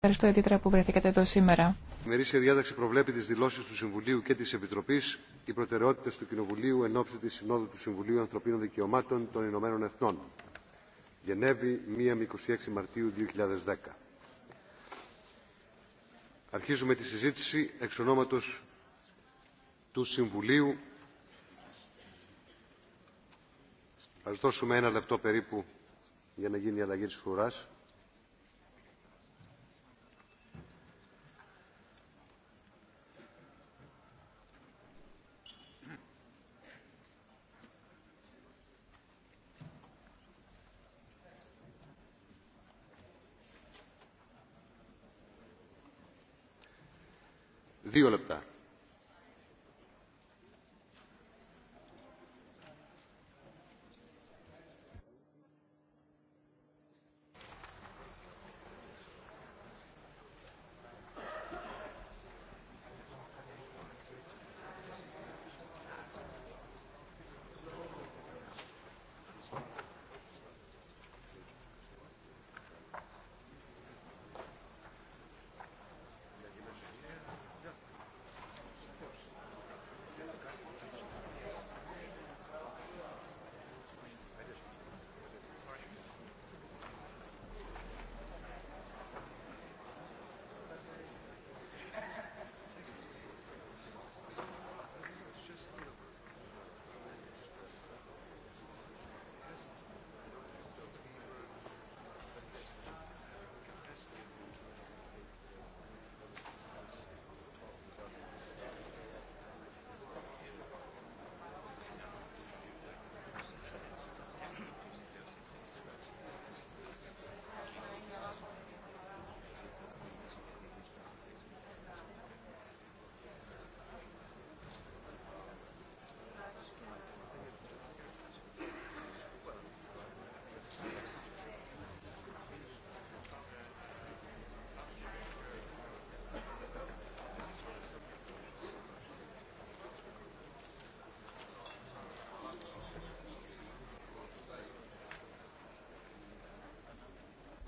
Ευχαριστώ ιδιαίτερα που βρεθήκατε εδώ σήμερα. Η μερίσια διάταξη προβλέπει τι δηλώσει του Συμβουλίου και τη Επιτροπή, οι προτεραιότητε του Κοινοβουλίου εν ώψη τη Συνόδου του Συμβουλίου Ανθρωπίνων Δικαιωμάτων των Ηνωμένων Εθνών. Γενέβη, 1 με 26 Μαρτίου 2010. Αρχίζουμε τη συζήτηση εξ του Συμβουλίου. Ας δώσουμε ένα λεπτό περίπου για να γίνει η αλλαγή της φουράς. δύο λεπτά.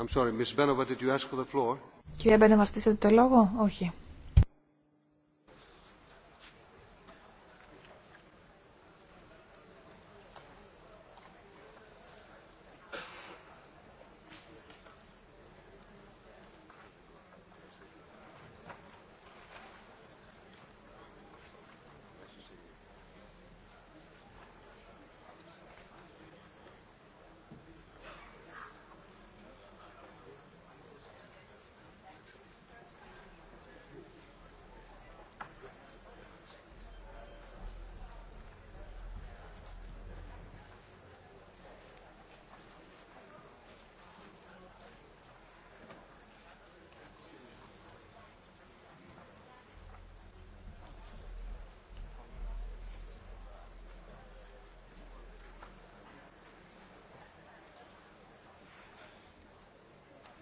I'm sorry, Ms. Benova, did you ask for the floor? Κυρία Μπένοβα, στήσατε το λόγο. Όχι.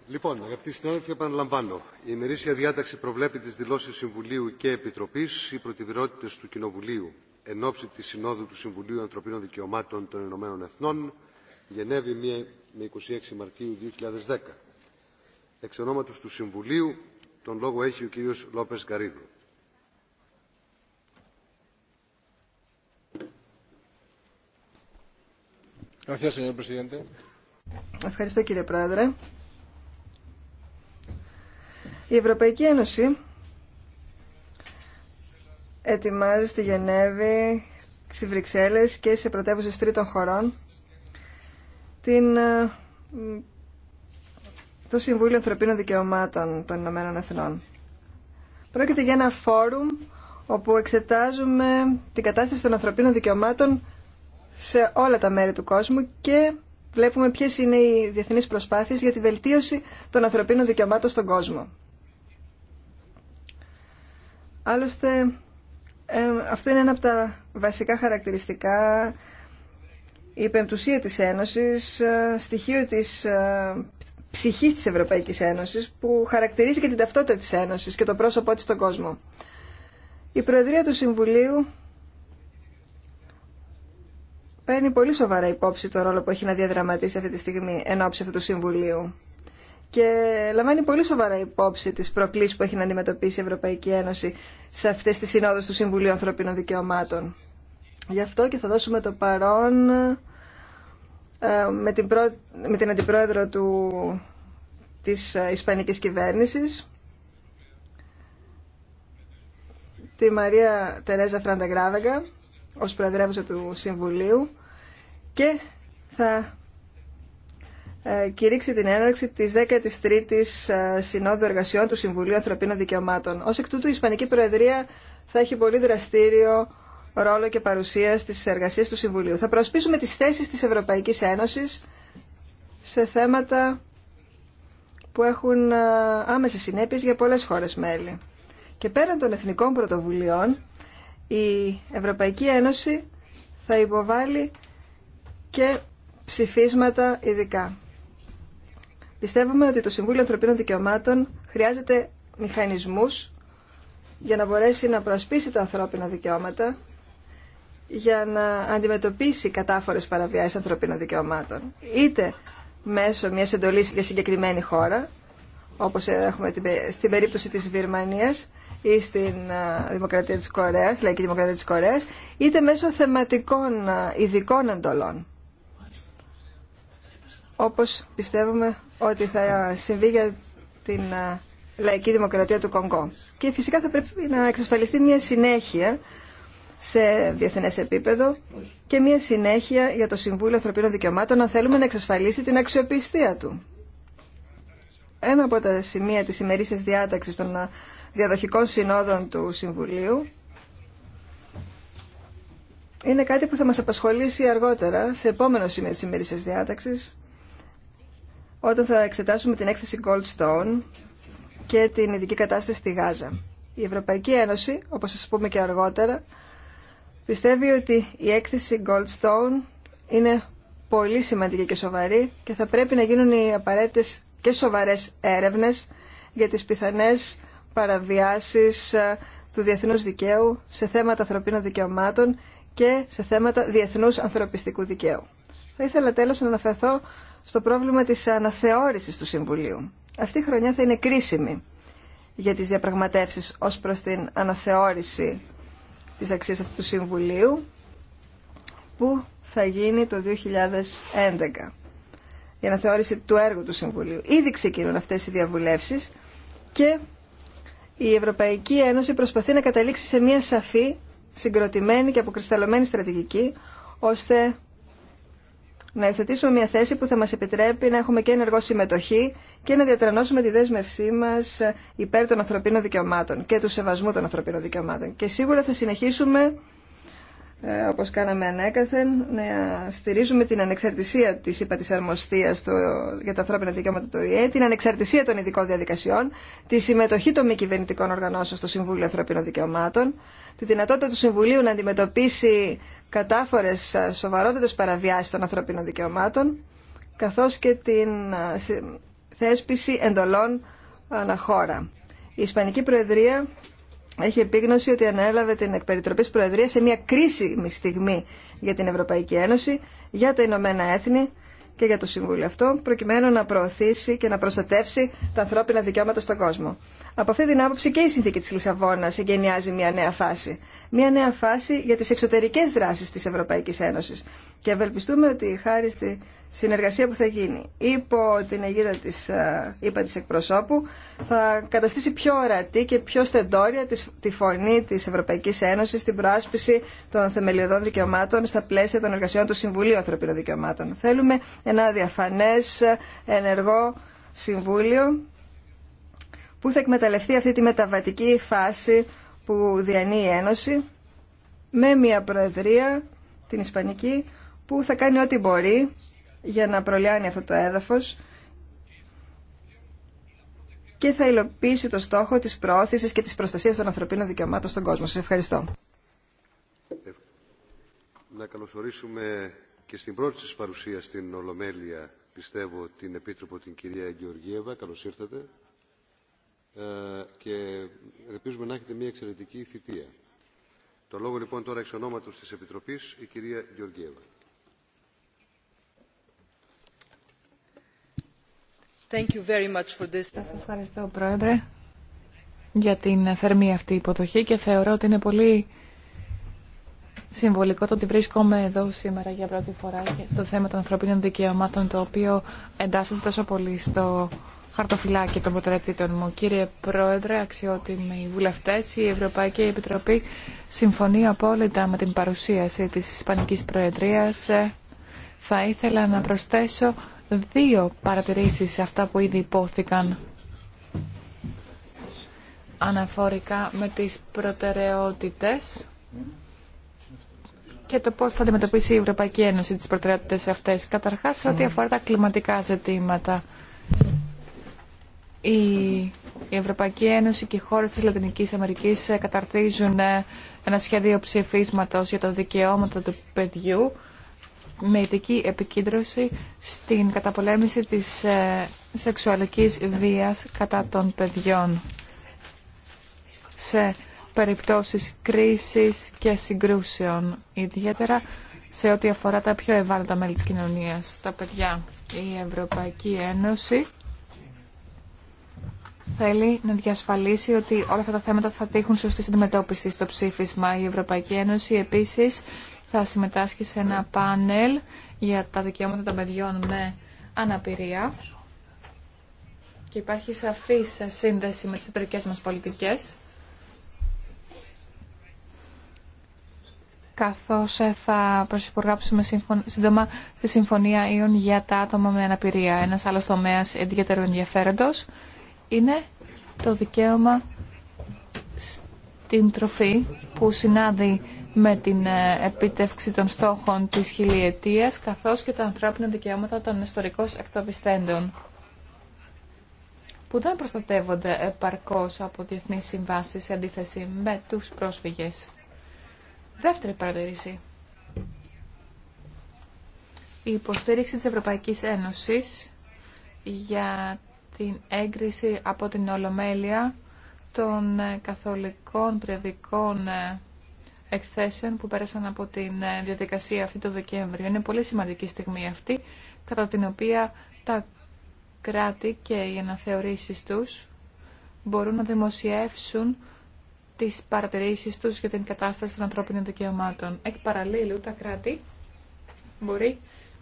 Λοιπόν, αγαπητοί συνάδελφοι, επαναλαμβάνω. Η ημερήσια διάταξη προβλέπει τι δηλώσει Συμβουλίου και Επιτροπή, οι προτεραιότητε του Κοινοβουλίου εν ώψη τη Συνόδου του Συμβουλίου Ανθρωπίνων Δικαιωμάτων των Ηνωμένων Εθνών, Γενέβη 1 με 26 Μαρτίου 2010. Εξ ονόματος του Συμβουλίου, τον λόγο έχει ο κύριος Λόπες Γκαρίδου. Ευχαριστώ κύριε Πρόεδρε. Η Ευρωπαϊκή Ένωση ετοιμάζει στη Γενέβη, στις Βρυξέλλες και σε πρωτεύουσες τρίτων χωρών την, ε, το Συμβούλιο Ανθρωπίνων Δικαιωμάτων των Ηνωμένων Εθνών. Πρόκειται για ένα φόρουμ όπου εξετάζουμε την κατάσταση των ανθρωπίνων δικαιωμάτων σε όλα τα μέρη του κόσμου και βλέπουμε ποιες είναι οι διεθνείς προσπάθειες για τη βελτίωση των ανθρωπίνων δικαιωμάτων στον κόσμο. Άλλωστε, ε, αυτό είναι ένα από τα βασικά χαρακτηριστικά, η πεμπτουσία της Ένωσης, ε, στοιχείο της ε, ψυχής της Ευρωπαϊκής Ένωσης, που χαρακτηρίζει και την ταυτότητα της Ένωσης και το πρόσωπό της στον κόσμο. Η Προεδρία του Συμβουλίου παίρνει πολύ σοβαρά υπόψη το ρόλο που έχει να διαδραματίσει αυτή τη στιγμή εν ώψη αυτού του Συμβουλίου και λαμβάνει πολύ σοβαρά υπόψη τις προκλήσεις που έχει να αντιμετωπίσει η Ευρωπαϊκή Ένωση σε αυτές τις συνόδους του Συμβουλίου Ανθρωπίνων Δικαιωμάτων. Γι' αυτό και θα δώσουμε το παρόν ε, με την, αντιπρόεδρο του... της ε, Ισπανικής Κυβέρνησης, τη Μαρία Τερέζα Φρανταγκράβεγκα, ως Προεδρεύουσα του Συμβουλίου και θα ε, κηρύξει την έναρξη τη 13η ε, Συνόδου Εργασιών του Συμβουλίου Ανθρωπίνων Δικαιωμάτων. Ω εκ τούτου, η Ισπανική Προεδρία θα έχει πολύ δραστήριο ρόλο και παρουσία στι εργασίε του Συμβουλίου. Θα προσπίσουμε τι θέσει τη Ευρωπαϊκή Ένωση σε θέματα που έχουν ε, άμεση συνέπειε για πολλές χώρε μέλη. Και πέραν των εθνικών πρωτοβουλειών, η Ευρωπαϊκή Ένωση θα υποβάλει και ψηφίσματα ειδικά. Πιστεύουμε ότι το Συμβούλιο Ανθρωπίνων Δικαιωμάτων χρειάζεται μηχανισμούς για να μπορέσει να προασπίσει τα ανθρώπινα δικαιώματα, για να αντιμετωπίσει κατάφορες παραβιάσεις ανθρωπίνων δικαιωμάτων. Είτε μέσω μιας εντολής για συγκεκριμένη χώρα, όπως έχουμε στην περίπτωση της Βυρμανίας ή στην Δημοκρατία της Κορέας, Λαϊκή Δημοκρατία της Κορέας, είτε μέσω θεματικών ειδικών εντολών. Όπως πιστεύουμε ότι θα συμβεί για την ε, λαϊκή δημοκρατία του Κονγκό. Και φυσικά θα πρέπει να εξασφαλιστεί μια συνέχεια σε διεθνές επίπεδο και μια συνέχεια για το Συμβούλιο Ανθρωπίνων Δικαιωμάτων αν θέλουμε να εξασφαλίσει την αξιοπιστία του. Ένα από τα σημεία της ημερήσιας διάταξης των ε, διαδοχικών συνόδων του Συμβουλίου είναι κάτι που θα μας απασχολήσει αργότερα σε επόμενο σημείο της ημερήσιας διάταξης όταν θα εξετάσουμε την έκθεση Goldstone και την ειδική κατάσταση στη Γάζα. Η Ευρωπαϊκή Ένωση, όπως σας πούμε και αργότερα, πιστεύει ότι η έκθεση Goldstone είναι πολύ σημαντική και σοβαρή και θα πρέπει να γίνουν οι απαραίτητες και σοβαρές έρευνες για τις πιθανές παραβιάσεις ε, του διεθνούς δικαίου σε θέματα ανθρωπίνων δικαιωμάτων και σε θέματα διεθνούς ανθρωπιστικού δικαίου. Θα ήθελα τέλος να αναφερθώ στο πρόβλημα της αναθεώρησης του Συμβουλίου. Αυτή η χρονιά θα είναι κρίσιμη για τις διαπραγματεύσεις ως προς την αναθεώρηση της αξίας αυτού του Συμβουλίου που θα γίνει το 2011 η αναθεώρηση του έργου του Συμβουλίου. Ήδη ξεκινούν αυτές οι διαβουλεύσεις και η Ευρωπαϊκή Ένωση προσπαθεί να καταλήξει σε μια σαφή, συγκροτημένη και αποκρισταλωμένη στρατηγική ώστε να εθετήσουμε μια θέση που θα μας επιτρέπει να έχουμε και ενεργό συμμετοχή και να διατρανώσουμε τη δέσμευσή μας υπέρ των ανθρωπίνων δικαιωμάτων και του σεβασμού των ανθρωπίνων δικαιωμάτων. Και σίγουρα θα συνεχίσουμε ε, όπως κάναμε ανέκαθεν, να στηρίζουμε την ανεξαρτησία της ΥΠΑ της Αρμοστίας για τα ανθρώπινα δικαιώματα του ΙΕ, την ανεξαρτησία των ειδικών διαδικασιών, τη συμμετοχή των μη κυβερνητικών οργανώσεων στο Συμβούλιο Ανθρωπίνων Δικαιωμάτων, τη δυνατότητα του Συμβουλίου να αντιμετωπίσει κατάφορες σοβαρότητες παραβιάσεις των ανθρωπίνων δικαιωμάτων, καθώς και την θέσπιση εντολών αναχώρα. Η Ισπανική Προεδρία έχει επίγνωση ότι ανέλαβε την εκπεριτροπή Προεδρία σε μια κρίσιμη στιγμή για την Ευρωπαϊκή Ένωση, για τα Ηνωμένα Έθνη και για το Συμβούλιο αυτό, προκειμένου να προωθήσει και να προστατεύσει τα ανθρώπινα δικαιώματα στον κόσμο. Από αυτή την άποψη και η συνθήκη τη Λισαβόνα εγκαινιάζει μια νέα φάση. Μια νέα φάση για τι εξωτερικέ δράσει τη Ευρωπαϊκή Ένωση. Και ευελπιστούμε ότι χάρη στη συνεργασία που θα γίνει υπό την αιγίδα της, είπα, της εκπροσώπου θα καταστήσει πιο ορατή και πιο στεντόρια τη φωνή της Ευρωπαϊκής Ένωσης στην προάσπιση των θεμελιωδών δικαιωμάτων στα πλαίσια των εργασιών του Συμβουλίου Ανθρωπίνων Δικαιωμάτων. Θέλουμε ένα διαφανές, ενεργό Συμβούλιο που θα εκμεταλλευτεί αυτή τη μεταβατική φάση που διανύει η Ένωση με μια Προεδρία, την Ισπανική, που θα κάνει ό,τι μπορεί για να προλιάνει αυτό το έδαφος και θα υλοποιήσει το στόχο της προώθησης και της προστασίας των ανθρωπίνων δικαιωμάτων στον κόσμο. Σας ευχαριστώ. Να καλωσορίσουμε και στην πρώτη της παρουσία στην Ολομέλεια, πιστεύω, την Επίτροπο την κυρία Γεωργίεβα. Καλώς ήρθατε. Ε, και ελπίζουμε να έχετε μια εξαιρετική θητεία. Το λόγο λοιπόν τώρα εξ ονόματος της Επιτροπής η κυρία Γεωργίεβα. ευχαριστώ, Πρόεδρε, για την θερμή αυτή υποδοχή και θεωρώ ότι είναι πολύ συμβολικό το ότι βρίσκομαι εδώ σήμερα για πρώτη φορά στο θέμα των ανθρωπίνων δικαιωμάτων, το οποίο εντάσσεται τόσο πολύ στο χαρτοφυλάκι των προτεραιοτήτων μου. Κύριε Πρόεδρε, αξιότιμοι βουλευτέ, η Ευρωπαϊκή Επιτροπή συμφωνεί απόλυτα με την παρουσίαση της Ισπανικής Προεδρίας. Θα ήθελα να προσθέσω δύο παρατηρήσεις σε αυτά που ήδη υπόθηκαν αναφορικά με τις προτεραιότητες και το πώς θα αντιμετωπίσει η Ευρωπαϊκή Ένωση τις προτεραιότητες αυτές. Καταρχάς, σε ό,τι αφορά τα κλιματικά ζητήματα, η, Ευρωπαϊκή Ένωση και οι χώρες της Λατινικής Αμερικής ε, καταρτίζουν ε, ένα σχέδιο ψηφίσματος για τα δικαιώματα του παιδιού με ειδική στην καταπολέμηση της ε, σεξουαλικής βίας κατά των παιδιών σε περιπτώσεις κρίσης και συγκρούσεων, ιδιαίτερα σε ό,τι αφορά τα πιο ευάλωτα μέλη της κοινωνίας, τα παιδιά. Η Ευρωπαϊκή Ένωση θέλει να διασφαλίσει ότι όλα αυτά τα θέματα θα τύχουν σωστή αντιμετώπιση στο ψήφισμα. Η Ευρωπαϊκή Ένωση επίσης θα συμμετάσχει σε ένα πάνελ για τα δικαιώματα των παιδιών με αναπηρία και υπάρχει σε σύνδεση με τις εταιρικές μας πολιτικές καθώς ε, θα προσυπογράψουμε σύντομα τη Συμφωνία Ιων για τα άτομα με αναπηρία. Ένας άλλος τομέας ιδιαίτερο ενδιαφέροντος είναι το δικαίωμα στην τροφή που συνάδει με την ε, επίτευξη των στόχων της χιλιετίας καθώς και τα ανθρώπινα δικαιώματα των ιστορικών εκτοπιστέντων που δεν προστατεύονται επαρκώς από διεθνείς συμβάσεις σε αντίθεση με τους πρόσφυγες. Δεύτερη παρατηρήση. Η υποστήριξη της Ευρωπαϊκής Ένωσης για την έγκριση από την Ολομέλεια των ε, καθολικών πρεδικών ε, εκθέσεων που πέρασαν από τη ε, διαδικασία αυτή το Δεκέμβριο. Είναι πολύ σημαντική στιγμή αυτή, κατά την οποία τα κράτη και οι αναθεωρήσεις τους μπορούν να δημοσιεύσουν τις παρατηρήσεις τους για την κατάσταση των ανθρώπινων δικαιωμάτων. Εκ παραλλήλου, τα κράτη μπορεί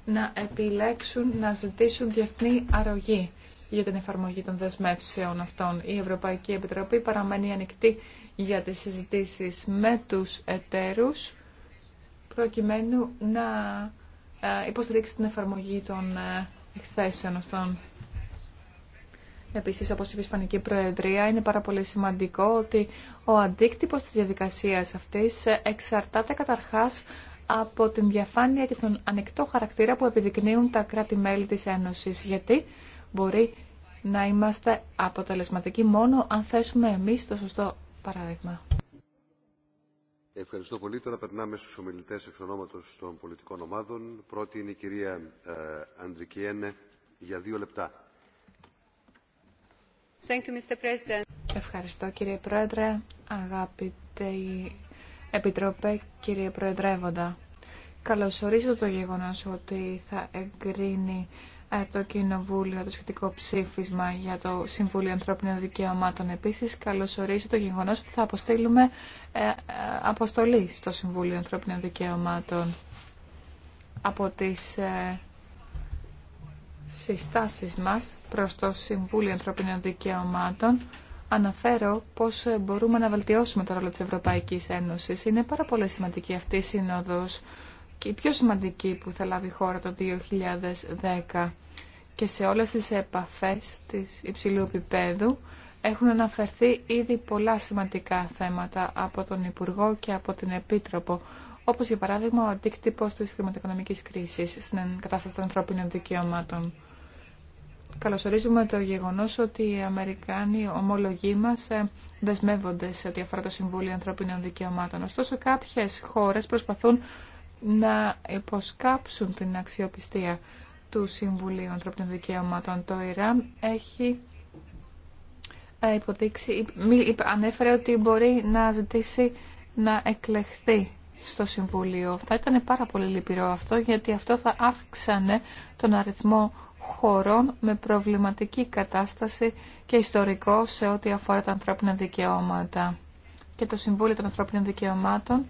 να επιλέξουν να ζητήσουν διεθνή αρρωγή για την εφαρμογή των δεσμεύσεων αυτών. Η Ευρωπαϊκή Επιτροπή παραμένει ανοιχτή για τις συζητήσεις με τους εταίρους προκειμένου να ε, υποστηρίξει την εφαρμογή των ε, εκθέσεων αυτών. Επίσης, όπως είπε η Ισπανική Προεδρία, είναι πάρα πολύ σημαντικό ότι ο αντίκτυπος της διαδικασίας αυτής εξαρτάται καταρχάς από την διαφάνεια και τον ανοιχτό χαρακτήρα που επιδεικνύουν τα κράτη-μέλη της Ένωσης. Γιατί μπορεί να είμαστε αποτελεσματικοί μόνο αν θέσουμε εμείς το σωστό παράδειγμα. Ευχαριστώ πολύ. Τώρα περνάμε στους ομιλητές εξ ονόματος των πολιτικών ομάδων. Πρώτη είναι η κυρία ε, για δύο λεπτά. Thank you, Mr. Ευχαριστώ κύριε Πρόεδρε, η Επιτροπέ, κύριε Προεδρεύοντα. Καλωσορίζω το γεγονός ότι θα εγκρίνει ε, το Κοινοβούλιο το σχετικό ψήφισμα για το Συμβούλιο Ανθρώπινων Δικαιωμάτων. Επίσης, καλωσορίζω το γεγονό ότι θα αποστείλουμε ε, ε, αποστολή στο Συμβούλιο Ανθρώπινων Δικαιωμάτων από τις συστάσεις μας προς το Συμβούλιο Ανθρώπινων Δικαιωμάτων αναφέρω πώς μπορούμε να βελτιώσουμε το ρόλο της Ευρωπαϊκής Ένωσης. Είναι πάρα πολύ σημαντική αυτή η σύνοδος και η πιο σημαντική που θα λάβει η χώρα το 2010 και σε όλες τις επαφές της υψηλού επίπεδου έχουν αναφερθεί ήδη πολλά σημαντικά θέματα από τον Υπουργό και από την Επίτροπο, όπως για παράδειγμα ο αντίκτυπος της χρηματοοικονομικής κρίσης στην κατάσταση των ανθρώπινων δικαιωμάτων. Καλωσορίζουμε το γεγονός ότι οι Αμερικάνοι ομολογοί μας ε, δεσμεύονται σε ό,τι αφορά το Συμβούλιο Ανθρώπινων Δικαιωμάτων. Ωστόσο, κάποιες χώρες προσπαθούν να υποσκάψουν την αξιοπιστία του Συμβουλίου Ανθρωπίνων Δικαιωμάτων. Το Ιράν έχει ε, υποδείξει, ανέφερε ότι μπορεί να ζητήσει να εκλεχθεί στο Συμβουλίο. Θα ήταν πάρα πολύ λυπηρό αυτό, γιατί αυτό θα αύξανε τον αριθμό χωρών με προβληματική κατάσταση και ιστορικό σε ό,τι αφορά τα ανθρώπινα δικαιώματα. Και το Συμβούλιο των Ανθρώπινων Δικαιωμάτων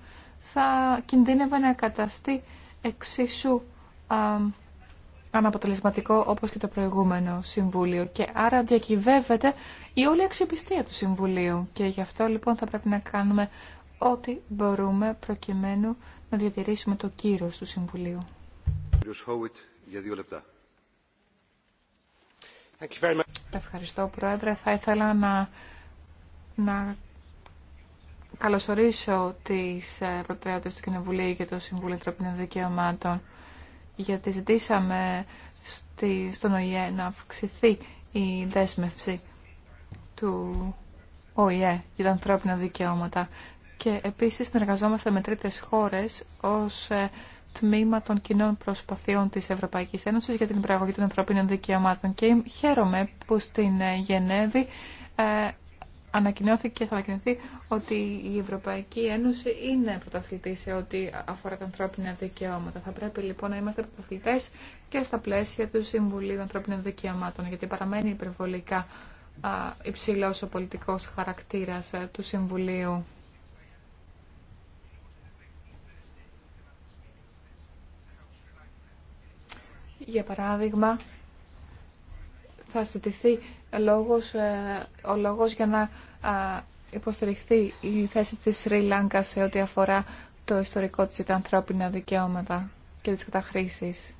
θα κινδύνευε να καταστεί εξίσου αναποτελεσματικό όπως και το προηγούμενο Συμβούλιο και άρα διακυβεύεται η όλη αξιοπιστία του Συμβουλίου και γι' αυτό λοιπόν θα πρέπει να κάνουμε ό,τι μπορούμε προκειμένου να διατηρήσουμε το κύρος του Συμβουλίου. Ευχαριστώ Πρόεδρε. Θα ήθελα να, να καλωσορίσω τις ε, προτεραιότητες του Κοινοβουλίου και το Συμβούλιο Ανθρωπίνων Δικαιωμάτων γιατί ζητήσαμε στη, στον ΟΗΕ να αυξηθεί η δέσμευση του ΟΗΕ για τα ανθρώπινα δικαιώματα και επίσης συνεργαζόμαστε με τρίτες χώρες ως ε, τμήμα των κοινών προσπαθειών της Ευρωπαϊκής Ένωσης για την παραγωγή των ανθρωπίνων δικαιωμάτων και χαίρομαι που στην ε, Γενέβη ανακοινώθηκε, θα ανακοινωθεί ότι η Ευρωπαϊκή Ένωση είναι πρωταθλητή σε ό,τι αφορά τα ανθρώπινα δικαιώματα. Θα πρέπει λοιπόν να είμαστε πρωταθλητέ και στα πλαίσια του Συμβουλίου Ανθρώπινων Δικαιωμάτων, γιατί παραμένει υπερβολικά υψηλό ο πολιτικό χαρακτήρα ε, του Συμβουλίου. Για παράδειγμα, θα ζητηθεί λόγος, ε, ο λόγος για να υποστηριχθεί η θέση της Σρι σε ό,τι αφορά το ιστορικό της τα ανθρώπινα δικαιώματα και τις καταχρήσεις.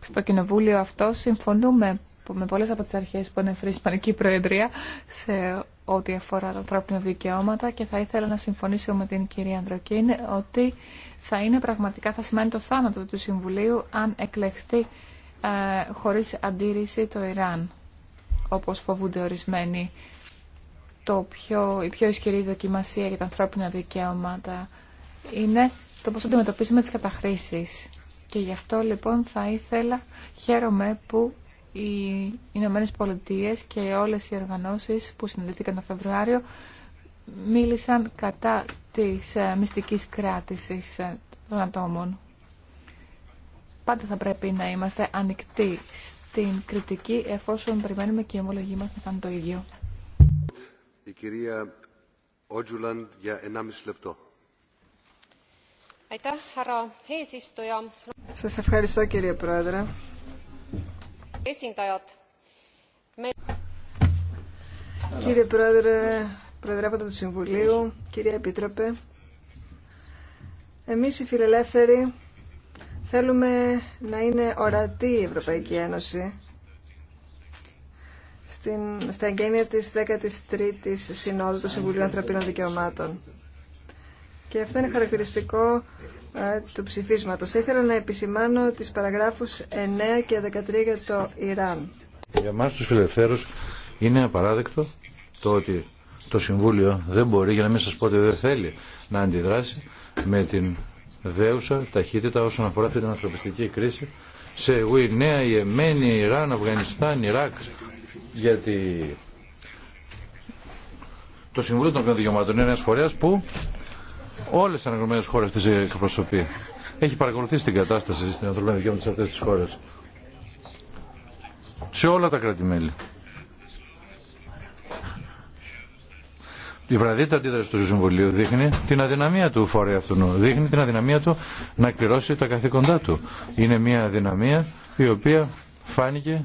Στο Κοινοβούλιο αυτό συμφωνούμε με πολλές από τις αρχές που είναι η Ισπανική Προεδρία σε ό,τι αφορά τα ανθρώπινα δικαιώματα και θα ήθελα να συμφωνήσω με την κυρία Ανδροκίν ότι θα είναι πραγματικά, θα σημαίνει το θάνατο του Συμβουλίου αν εκλεχθεί ε, χωρίς αντίρρηση το Ιράν όπως φοβούνται ορισμένοι. Το πιο, η πιο ισχυρή δοκιμασία για τα ανθρώπινα δικαιώματα είναι το πώς αντιμετωπίζουμε τις καταχρήσεις. Και γι' αυτό λοιπόν θα ήθελα, χαίρομαι που οι Ηνωμένε Πολιτείε και όλες οι οργανώσεις που συναντήθηκαν το Φεβρουάριο μίλησαν κατά της ε, μυστικής κράτησης ε, των ατόμων. Πάντα θα πρέπει να είμαστε ανοιχτοί την κριτική εφόσον περιμένουμε και οι ομολογή μας να κάνουν το ίδιο. Η κυρία Ότζουλαντ για 1,5 λεπτό. Σας ευχαριστώ κύριε Πρόεδρε. Κύριε Πρόεδρε, Προεδρεύοντα του Συμβουλίου, κύριε Επίτροπε, εμείς οι φιλελεύθεροι Θέλουμε να είναι ορατή η Ευρωπαϊκή Ένωση στην, στα εγγένεια της 13ης Συνόδου του Συμβουλίου Ανθρωπίνων Δικαιωμάτων. Και αυτό είναι χαρακτηριστικό ε, του ψηφίσματος. Ήθελα να επισημάνω τις παραγράφους 9 και 13 για το Ιράν. Για μας τους φιλελευθέρους είναι απαράδεκτο το ότι το Συμβούλιο δεν μπορεί, για να μην σας πω ότι δεν θέλει, να αντιδράσει με την δέουσα ταχύτητα όσον αφορά αυτή την ανθρωπιστική κρίση σε Ουή, Νέα, Ιεμένη, Ιράν, Αφγανιστάν, Ιράκ γιατί το Συμβούλιο των Δικαιωμάτων είναι ένας φορέας που όλες οι αναγνωμένες χώρες της εκπροσωπεί. Έχει παρακολουθήσει την κατάσταση στην ανθρωπίνη δικαιώματα σε αυτές τις χώρες. Σε όλα τα κράτη-μέλη. η βραδύτητα αντίδραση του Συμβουλίου δείχνει την αδυναμία του φορέα αυτού. Δείχνει την αδυναμία του να κληρώσει τα καθήκοντά του. Είναι μια αδυναμία η οποία φάνηκε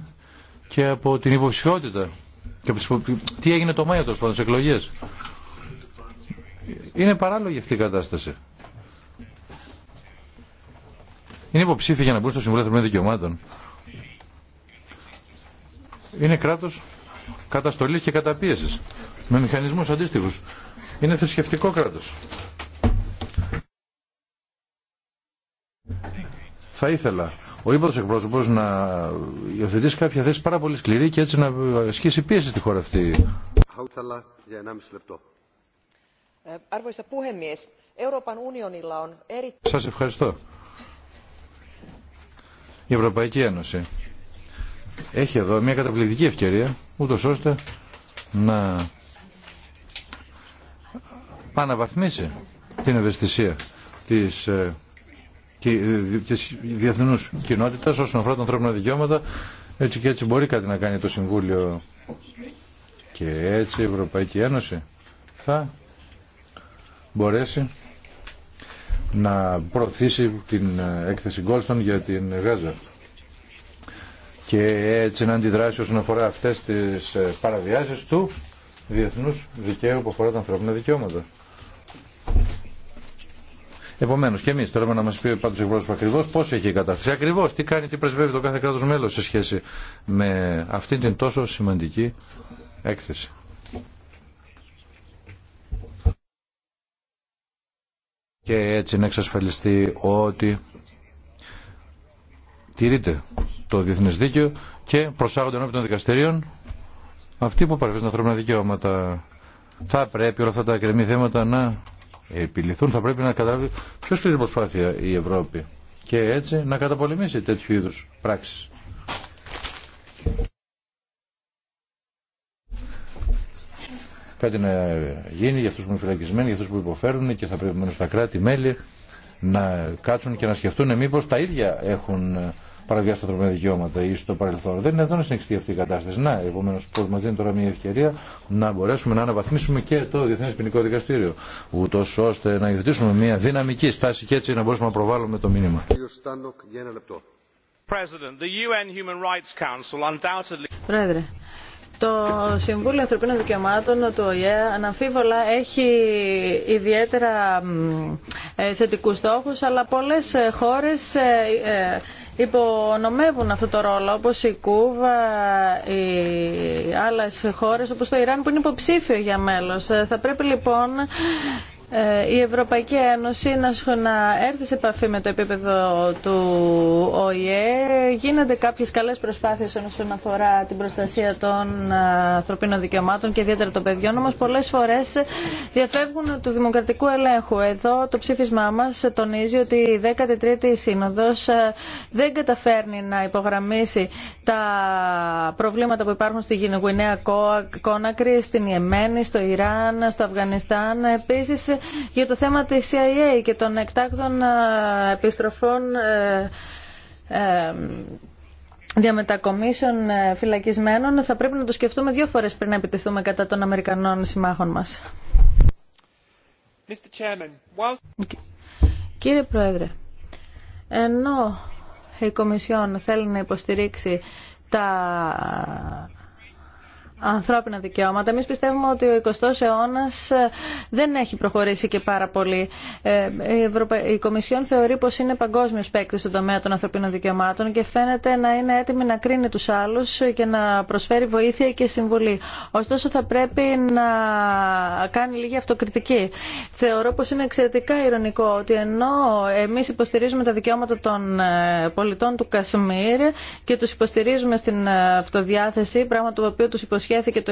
και από την υποψηφιότητα. Τι έγινε το Μάιο τόσο πάντων εκλογέ. Είναι παράλογη αυτή η κατάσταση. Είναι υποψήφιοι για να μπουν στο Συμβούλιο Θεωρημένων Δικαιωμάτων. Είναι κράτος καταστολής και καταπίεσης με μηχανισμούς αντίστοιχους. Είναι θρησκευτικό κράτος. Θα ήθελα ο ύποδος εκπρόσωπος να υιοθετήσει κάποια θέση πάρα πολύ σκληρή και έτσι να ασκήσει πίεση στη χώρα αυτή. Ε, Σας ευχαριστώ. Η Ευρωπαϊκή Ένωση έχει εδώ μια καταπληκτική ευκαιρία ούτως ώστε να αναβαθμίσει την ευαισθησία της, ε, ε, της διεθνούς κοινότητας όσον αφορά τα ανθρώπινα δικαιώματα έτσι και έτσι μπορεί κάτι να κάνει το Συμβούλιο και έτσι η Ευρωπαϊκή Ένωση θα μπορέσει να προωθήσει την ε, έκθεση Γκόλστον για την Γάζα και έτσι να αντιδράσει όσον αφορά αυτές τις ε, παραβιάσεις του διεθνούς δικαίου που αφορά τα ανθρώπινα δικαιώματα. Επομένω, και εμεί θέλουμε να μα πει πάντω εκπρόσωπο ακριβώ πώ έχει η κατάσταση. Ακριβώ τι κάνει, τι πρεσβεύει το κάθε κράτο μέλο σε σχέση με αυτή την τόσο σημαντική έκθεση. Και έτσι να εξασφαλιστεί ότι τηρείται το διεθνέ δίκαιο και προσάγονται ενώπιον των δικαστηρίων αυτοί που παρεμβαίνουν ανθρώπινα δικαιώματα. Θα πρέπει όλα αυτά τα ακριβή θέματα να επιληθούν. Θα πρέπει να καταλάβει ποιο την προσπάθεια η Ευρώπη και έτσι να καταπολεμήσει τέτοιου είδου πράξει. Κάτι να γίνει για αυτού που είναι φυλακισμένοι, για αυτού που υποφέρουν και θα πρέπει μένουν στα κράτη-μέλη να κάτσουν και να σκεφτούν Μήπω τα ίδια έχουν παραβιάσει τα ανθρωπινά δικαιώματα ή στο παρελθόν. Δεν είναι εδώ να συνεχιστεί αυτή η κατάσταση. Να, επομένω, πώ μα δίνει τώρα μια ευκαιρία να μπορέσουμε να αναβαθμίσουμε και το Διεθνέ Ποινικό Δικαστήριο. Ούτω ώστε να υιοθετήσουμε μια δυναμική στάση και έτσι να μπορούμε να προβάλλουμε το μήνυμα. Πρόεδρε, το Συμβούλιο Ανθρωπίνων Δικαιωμάτων το ΟΗΕ αναμφίβολα έχει ιδιαίτερα ε, θετικούς στόχους, αλλά πολλές ε, χώρες ε, υπονομεύουν αυτό το ρόλο όπως η Κούβα, οι άλλες χώρες όπως το Ιράν που είναι υποψήφιο για μέλος. Θα πρέπει λοιπόν ε, η Ευρωπαϊκή Ένωση να έρθει σε επαφή με το επίπεδο του ΟΗΕ. Γίνονται κάποιες καλές προσπάθειες όσον αφορά την προστασία των ε, ανθρωπίνων δικαιωμάτων και ιδιαίτερα των παιδιών, όμως πολλές φορές διαφεύγουν του δημοκρατικού ελέγχου. Εδώ το ψήφισμά μας τονίζει ότι η 13η Σύνοδος ε, δεν καταφέρνει να υπογραμμίσει τα προβλήματα που υπάρχουν στη Γινεγουινέα Κόνακρη, στην Ιεμένη, στο Ιράν, στο Αφγανιστάν. Επίσης για το θέμα της CIA και των εκτάκτων ε, επιστροφών ε, ε, διαμετακομίσεων φυλακισμένων θα πρέπει να το σκεφτούμε δύο φορές πριν να επιτεθούμε κατά των Αμερικανών συμμάχων μας. Mr. Chairman, Κύριε Πρόεδρε, ενώ η Κομισιόν θέλει να υποστηρίξει τα ανθρώπινα δικαιώματα. Εμεί πιστεύουμε ότι ο 20 ο αιώνας ε, δεν έχει προχωρήσει και πάρα πολύ. Ε, η, Ευρωπα... η Κομισιόν θεωρεί πω είναι παγκόσμιο παίκτη στον τομέα των ανθρωπίνων δικαιωμάτων και φαίνεται να είναι έτοιμη να κρίνει του άλλου και να προσφέρει βοήθεια και συμβουλή. Ωστόσο θα πρέπει να κάνει λίγη αυτοκριτική. Θεωρώ πω είναι εξαιρετικά ηρωνικό ότι ενώ εμεί υποστηρίζουμε τα δικαιώματα των ε, πολιτών του Κασμίρ και του υποστηρίζουμε στην αυτοδιάθεση, πράγμα το οποίο του υποσχέθηκε προσχέθηκε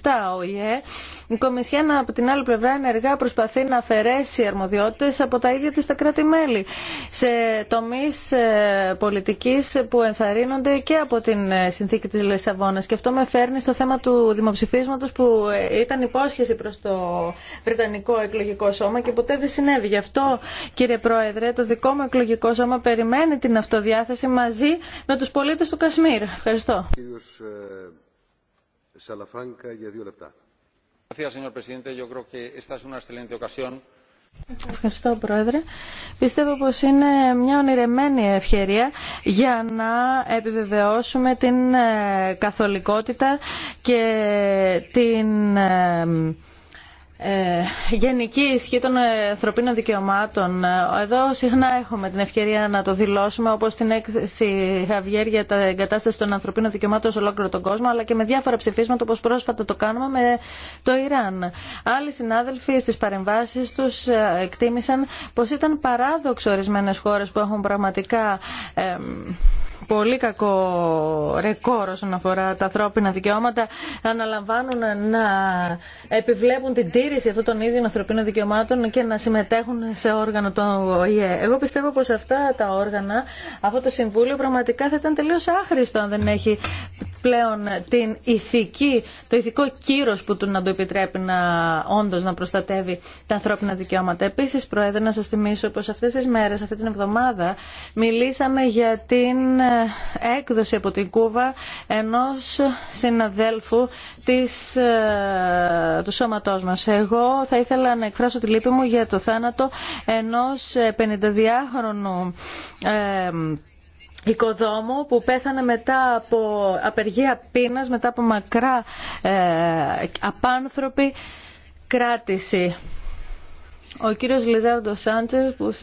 το 1947 ο ΙΕ, η Κομισιόν από την άλλη πλευρά ενεργά προσπαθεί να αφαιρέσει αρμοδιότητε από τα ίδια τη τα κράτη-μέλη σε τομεί ε, πολιτική που ενθαρρύνονται και από την ε, συνθήκη τη Λισαβόνα. Και αυτό με φέρνει στο θέμα του δημοψηφίσματο που ε, ήταν υπόσχεση προ το Βρετανικό εκλογικό σώμα και ποτέ δεν συνέβη. Γι' αυτό κύριε Πρόεδρε το δικό μου εκλογικό σώμα περιμένει την αυτοδιάθεση μαζί με του πολίτε του Κασμίρ. Ευχαριστώ. Κύριος Ευχαριστώ, Πρόεδρε. Πιστεύω πως είναι μια ονειρεμένη ευκαιρία για να επιβεβαιώσουμε την ε, καθολικότητα και την ε, ε, γενική ισχύ των ανθρωπίνων δικαιωμάτων. Εδώ συχνά έχουμε την ευκαιρία να το δηλώσουμε, όπω στην έκθεση Χαβιέρ για τα εγκατάσταση των ανθρωπίνων δικαιωμάτων σε ολόκληρο τον κόσμο, αλλά και με διάφορα ψηφίσματα, όπω πρόσφατα το κάνουμε με το Ιράν. Άλλοι συνάδελφοι στι παρεμβάσει του ε, εκτίμησαν πω ήταν παράδοξο ορισμένε χώρε που έχουν πραγματικά πολύ κακό ρεκόρ όσον αφορά τα ανθρώπινα δικαιώματα αναλαμβάνουν να επιβλέπουν την τήρηση αυτών των ίδιων ανθρωπίνων δικαιωμάτων και να συμμετέχουν σε όργανο το ΟΗΕ. Εγώ πιστεύω πως αυτά τα όργανα, αυτό το Συμβούλιο πραγματικά θα ήταν τελείως άχρηστο αν δεν έχει πλέον την ηθική, το ηθικό κύρος που του να το επιτρέπει να όντως να προστατεύει τα ανθρώπινα δικαιώματα. Επίσης, Πρόεδρε, να σας θυμίσω πως αυτές τις μέρες, αυτή την εβδομάδα, μιλήσαμε για την έκδοση από την Κούβα ενός συναδέλφου της, ε, του σώματός μας. Εγώ θα ήθελα να εκφράσω τη λύπη μου για το θάνατο ενός 52χρονου ε, οικοδόμου που πέθανε μετά από απεργία πείνας, μετά από μακρά ε, απάνθρωπη κράτηση ο κύριος Λιζάρντο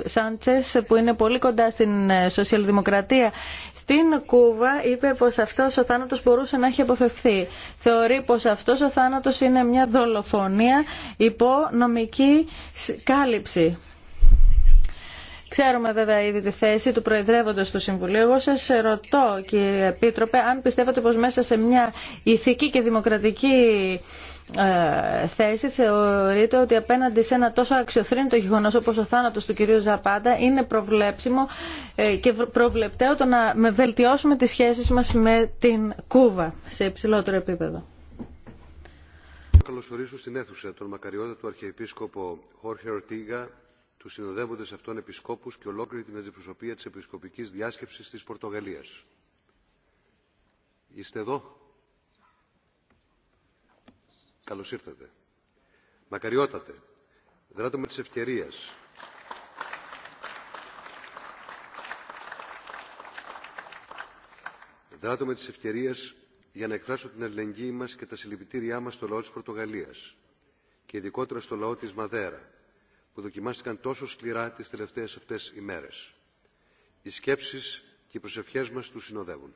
Σάντσες που, που είναι πολύ κοντά στην ε, σοσιαλδημοκρατία στην Κούβα είπε πως αυτός ο θάνατος μπορούσε να έχει αποφευχθεί. Θεωρεί πως αυτός ο θάνατος είναι μια δολοφονία υπό νομική κάλυψη. Ξέρουμε βέβαια ήδη τη θέση του Προεδρεύοντος του Συμβουλίου. Εγώ σας ρωτώ κύριε Επίτροπε αν πιστεύετε πως μέσα σε μια ηθική και δημοκρατική ε, θέση θεωρείται ότι απέναντι σε ένα τόσο αξιοθρύνητο γεγονό όπω ο θάνατο του κυρίου Ζαπάντα είναι προβλέψιμο ε, και προβλεπταίο το να βελτιώσουμε τι σχέσει μα με την Κούβα σε υψηλότερο επίπεδο. Θα Καλωσορίσω στην αίθουσα τον μακαριότατο του Αρχιεπίσκοπο Χόρχε Ορτίγα, του συνοδεύοντε αυτών επισκόπου και ολόκληρη την αντιπροσωπεία τη Επισκοπική Διάσκεψη τη Πορτογαλία. Είστε εδώ. Καλώς ήρθατε. Μακαριότατε. Δράτω με τις ευκαιρίες. Δράτω με τις ευκαιρίες για να εκφράσω την αλληλεγγύη μας και τα συλληπιτήριά μας στο λαό της Πορτογαλίας και ειδικότερα στο λαό της Μαδέρα που δοκιμάστηκαν τόσο σκληρά τις τελευταίες αυτές ημέρες. Οι σκέψεις και οι προσευχές μας τους συνοδεύουν.